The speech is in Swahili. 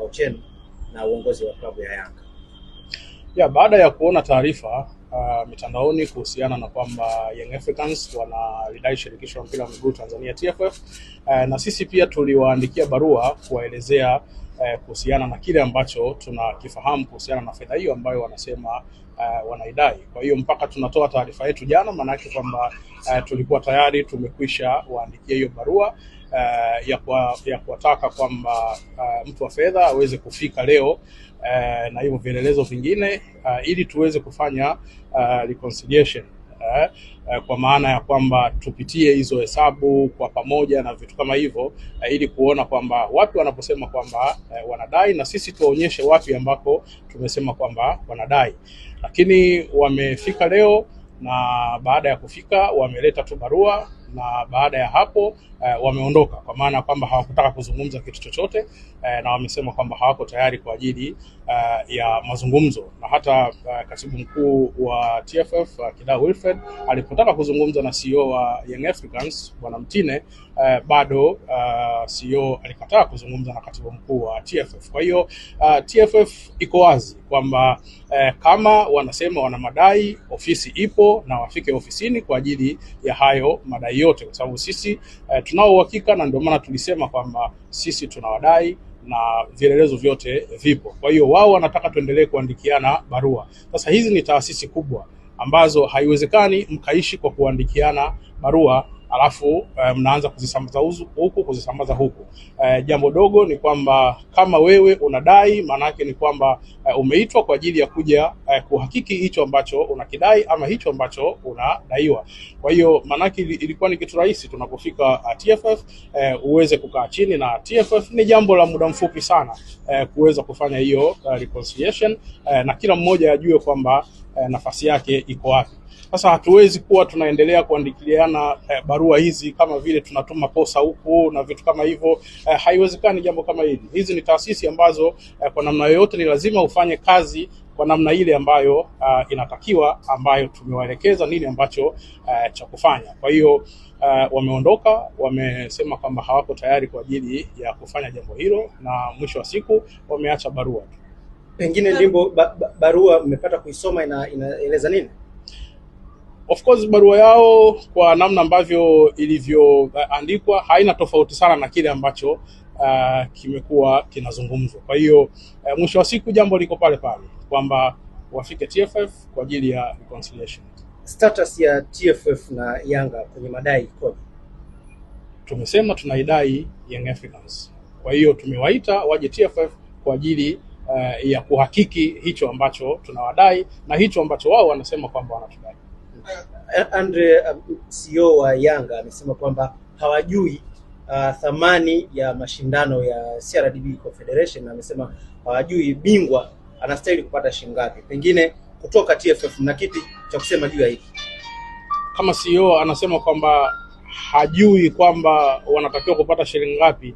Ocheno na uongozi wa klabu ya Yanga ya baada ya kuona taarifa uh, mitandaoni kuhusiana na kwamba Young Africans wanalidai shirikisho la mpira wa miguu Tanzania TFF. Uh, na sisi pia tuliwaandikia barua kuwaelezea eh, kuhusiana na kile ambacho tunakifahamu kuhusiana na fedha hiyo ambayo wanasema eh, wanaidai. Kwa hiyo mpaka tunatoa taarifa yetu jana, yake kwamba eh, tulikuwa tayari tumekwisha waandikia hiyo barua eh, ya kwa, ya kuwataka kwamba eh, mtu wa fedha aweze kufika leo eh, na hivyo vielelezo vingine eh, ili tuweze kufanya eh, reconciliation eh, eh, kwa maana ya kwamba tupitie hizo hesabu kwa pamoja na vitu kama hivyo eh, ili kuona kwamba wapi wanaposema kwamba eh, wanadai na sisi tuwaonyeshe wapi ambako tumesema kwamba wanadai, lakini wamefika leo na baada ya kufika wameleta tu barua na baada ya hapo uh, wameondoka kwa maana kwamba hawakutaka kuzungumza kitu chochote uh, na wamesema kwamba hawako tayari kwa ajili uh, ya mazungumzo. Na hata uh, katibu mkuu wa TFF uh, Kidau Wilfred alipotaka kuzungumza na CEO wa Young Africans bwana Mtine uh, bado uh, CEO alikataa kuzungumza na katibu mkuu wa TFF. Kwa hiyo uh, TFF iko wazi kwamba uh, kama wanasema wana madai, ofisi ipo na wafike ofisini kwa ajili ya hayo madai yote, kwa sababu sisi eh, tunao uhakika, na ndio maana tulisema kwamba sisi tunawadai na vielelezo vyote vipo. Kwa hiyo wao wanataka tuendelee kuandikiana barua. Sasa hizi ni taasisi kubwa ambazo haiwezekani mkaishi kwa kuandikiana barua alafu eh, mnaanza um, kuzisambaza huku kuzisambaza huku. Uh, jambo dogo ni kwamba kama wewe unadai, maana yake ni kwamba uh, umeitwa kwa ajili ya kuja uh, kuhakiki hicho ambacho unakidai ama hicho ambacho unadaiwa. Kwa hiyo maana yake ilikuwa ni kitu rahisi tunapofika TFF, uh, uweze kukaa chini na TFF. Ni jambo la muda mfupi sana uh, kuweza kufanya hiyo uh, reconciliation uh, na kila mmoja ajue kwamba eh, nafasi yake iko wapi. Sasa hatuwezi kuwa tunaendelea kuandikiliana eh, barua hizi kama vile tunatuma posa huku na vitu kama hivyo eh, haiwezekani jambo kama hili. Hizi ni taasisi ambazo eh, kwa namna yoyote ni lazima ufanye kazi kwa namna ile ambayo uh, inatakiwa ambayo tumewaelekeza nini ambacho uh, cha kufanya. Kwa hiyo uh, wameondoka, wamesema kwamba hawako tayari kwa ajili ya kufanya jambo hilo, na mwisho wa siku wameacha barua pengine jimbo ba, ba, barua mmepata kuisoma ina, inaeleza nini? Of course barua yao kwa namna ambavyo ilivyoandikwa haina tofauti sana na kile ambacho uh, kimekuwa kinazungumzwa. Kwa hiyo uh, mwisho wa siku jambo liko pale pale kwamba wafike TFF kwa ajili ya reconciliation. Status ya TFF na Yanga kwenye madai ikoje? Tumesema tunaidai Young Africans, kwa hiyo tumewaita waje TFF kwa ajili uh, ya kuhakiki hicho ambacho tunawadai na hicho ambacho wao wanasema kwamba wanatudai. Eh, Andre, um, CEO wa Yanga amesema kwamba hawajui uh, thamani ya mashindano ya CRDB Confederation, na amesema hawajui bingwa anastahili kupata shilingi ngapi, pengine kutoka TFF, na kiti cha kusema juu ya hiki? Kama CEO anasema kwamba hajui kwamba wanatakiwa kupata shilingi ngapi